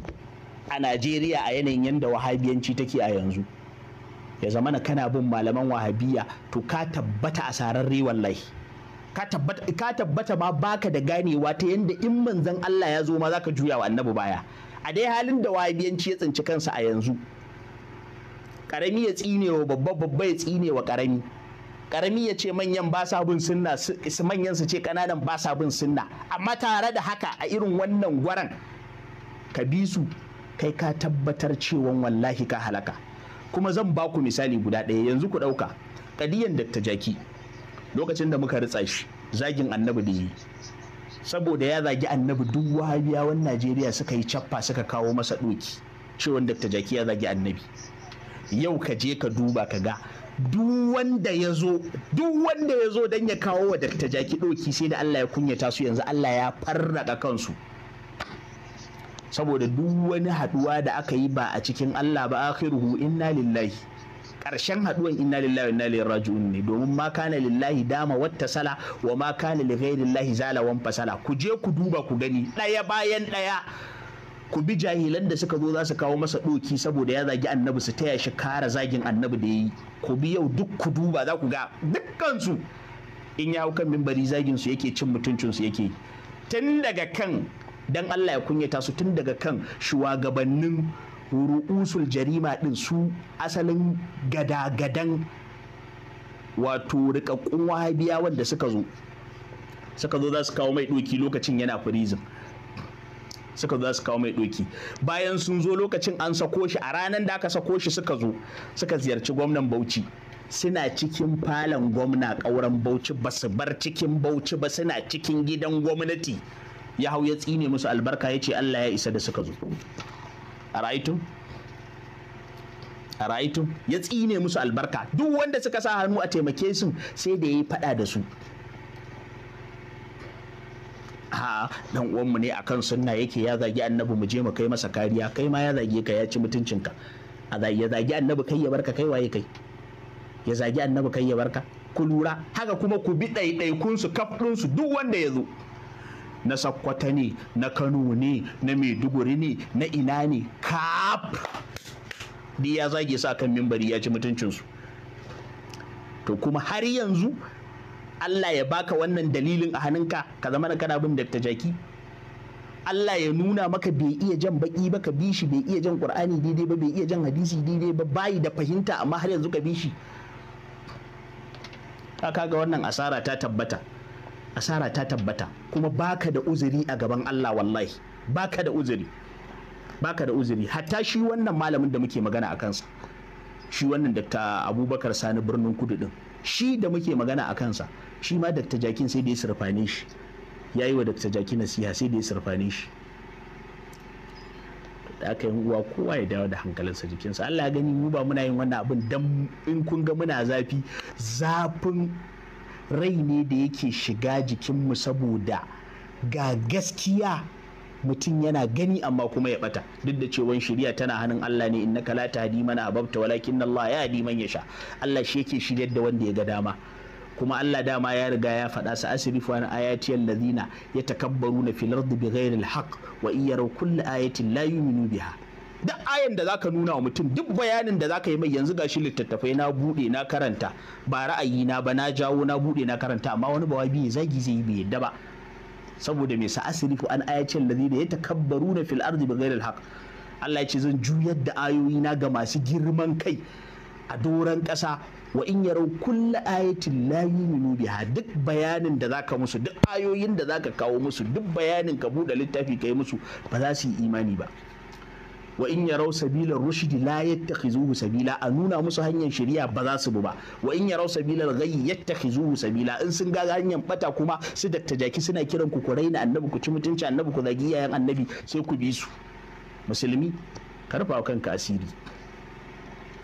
a najeriya a yanayin yadda wahabiyanci take a yanzu ya zama na kana bin malaman wahabiya to ka tabbata a sararre wallahi ka tabbata ma baka da ganewa ta yadda in manzan Allah ya zo ma ka juya wa annabi baya a dai halin da wahabiyanci ya tsinci kansa a yanzu karami ya tsine babba babba ya tsine karami karami ya ce manyan ba sa bin sunna su manyan su ce kananan ba sa bin sunna amma tare da haka a irin wannan gwaran ka bi su kai ka tabbatar cewa wallahi ka halaka kuma zan ba ku misali guda ɗaya yanzu ku ɗauka ƙadiyan dakta jaki lokacin da muka ritsa shi zagin annabi da yi saboda ya zagi annabi duk wahabiyawan najeriya suka yi cappa suka kawo masa ɗoki cewan dakta jaki ya zagi annabi yau ka je ka duba ka ga duk wanda ya zo ya don ya kawo wa dakta jaki ɗoki sai da allah ya kunyata su yanzu allah ya farraka kansu saboda duk wani haduwa da aka yi ba a cikin Allah ba akhiruhu inna lillahi karshen haduwan inna lillahi inna ilaihi raji'un ne domin ma kana lillahi dama watta sala wa ma kana li ghairillahi zala fasala ku je ku duba ku gani daya bayan daya ku bi jahilan da suka zo za su kawo masa doki saboda ya zagi annabi su taya shi kara zagin annabi da yi. ku bi yau duk ku duba za ku ga dukkansu. in ya hau kan mimbari zagin su yake cin mutuncin su yake tun daga kan dan Allah ya kunyata su tun daga kan shugabannin ru'usul jarima din su asalin gada-gadan wato rikakkun wahabiya wanda suka zo suka zo za su kawo mai doki lokacin yana furizin. suka za su kawo mai doki bayan sun zo lokacin an sako shi a ranar da aka sako shi suka zo suka ziyarci gwamnan bauchi suna cikin falon gwamna ƙauren bauchi ba su bar cikin bauchi ba suna cikin gidan gwamnati ya hau ya tsine musu albarka ya ce Allah ya isa da suka zo a ra'aitun a ra'aitun ya tsine musu albarka duk wanda suka sa hannu a taimake su sai da ya yi fada da su ha dan uwanmu ne akan sunna yake ya zagi annabi mu je mu kai masa kariya kai ma ya zage ka ya ci mutuncinka a zagi ya zagi annabi kai ya barka kai waye kai ya zagi annabi kai ya barka ku lura haka kuma ku bi ɗaiɗaikunsu kaf ɗinsu duk wanda ya zo na sakkwata ne na kano ne na maiduguri ne na ina ne kaf ɗi ya zage sa kan mimbari ya ci mutuncinsu to kuma har yanzu Allah ya baka wannan dalilin a hannunka ka zama kana bin dakta Jaki Allah ya nuna maka bai iya jan baki ba ka bi shi bai iya jan Qur'ani daidai ba bai iya jan hadisi daidai ba bai da fahimta amma har yanzu ka bi shi ka kaga wannan asara ta tabbata asara ta tabbata kuma baka da uzuri a gaban Allah wallahi baka da uzuri baka da uzuri hatta shi wannan malamin da muke magana a kansa shi wannan dakta abubakar sani birnin kudu din shi da muke magana a kansa shi ma Dr. jakin sai da ya surfane shi ya wa Dr. jakin nasiha sai da ya surfane shi da aka yi uwa kowa ya dawo da hankalinsa jikinsa Allah ya gani mu ba muna yin wannan abin dan in kun ga muna zafi zafin rai ne da yake shiga jikinmu saboda ga gaskiya mutum yana gani amma kuma ya bata duk da cewa shirya tana hannun Allah ne innaka la tahdi man ahbabta walakin Allah ya hadi man sha. Allah shi yake shiryar da wanda ya ga dama kuma Allah dama ya riga ya faɗa sa asrifu an ayati allazina yatakabbaruna fil ardi bighairi alhaq wa iyaru kulla ayatin la yu'minu biha duk ayan da zaka nuna wa mutum duk bayanin da zaka yi mai yanzu gashi littattafai na bude na karanta ba ra'ayi na ba na jawo na bude na karanta amma wani bawa biye zagi zai yi bai yadda ba saboda me sa'asrifu an ayatin ladina yatakabbaruna fil ardi bighairil haqq Allah ya ce zan juyar da ayoyi na ga masu girman kai a doran ƙasa wa in yarau kulla ayatin la yu'minu biha duk bayanin da zaka musu duk ayoyin da zaka kawo musu duk bayanin ka buɗe littafi kai musu ba za su yi imani ba wa in yarau sabilar rushdi la yattakhizuhu sabila a nuna musu hanyar shari'a ba za su bu ba wa in yarau sabilar ghayyi yattakhizuhu sabila in sun ga hanyar bata kuma su jaki suna kiran ku ku raina annabi ku ci mutunci annabi ku zagi yayan annabi sai ku bi su musulmi karfawa kanka asiri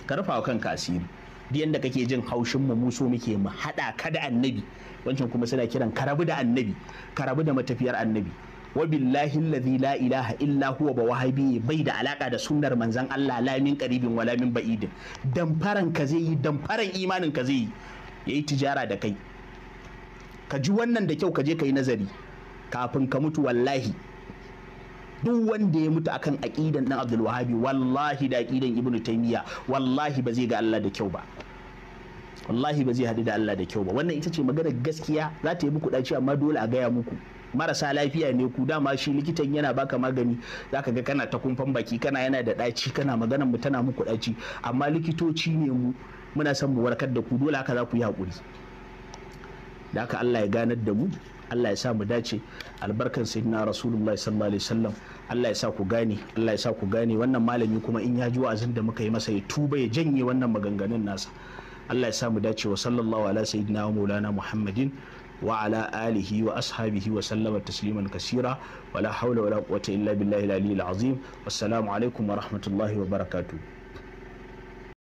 karfawa kanka asiri duk yanda kake jin haushin mu muso muke mu hada ka da annabi wancan kuma suna kiran karabu da annabi karabu da matafiyar annabi wa billahi alladhi la ilaha illa huwa ba wahabi bai da alaka da sunnar manzan Allah lamin qaribin wala min ba'idin faran ka zai yi damfaran imanin ka zai yi yayi tijara da kai ka ji wannan da kyau ka je ka yi nazari kafin ka mutu wallahi duk wanda ya mutu akan aqidan dan Abdul Wahabi wallahi da aqidan Ibn Taymiya. wallahi ba zai ga Allah da kyau ba wallahi ba zai hadu da Allah da kyau ba wannan ita ce maganar gaskiya za ta yi muku dace amma dole a gaya muku marasa lafiya ne ku dama shi likitan yana baka magani zaka ga kana ta kumfan baki kana yana da ɗaci kana maganan mu tana muku ɗaci amma likitoci ne mu muna son mu warkar da ku dole haka za ku yi hakuri da haka Allah ya ganar da mu Allah ya sa mu dace albarkan sayyidina rasulullahi sallallahu alaihi wasallam Allah ya sa ku gane Allah ya sa ku gane wannan malami kuma in ya ji wa'azin da muka yi masa ya tuba ya janye wannan maganganun nasa Allah ya sa mu dace wa sallallahu ala sayyidina wa maulana muhammadin wa ala alihi wa ashabihi wa sallama tasliman kasira wala hawla wala quwwata illa billahi al-aliyyil azim wassalamu alaikum wa rahmatullahi wa barakatu.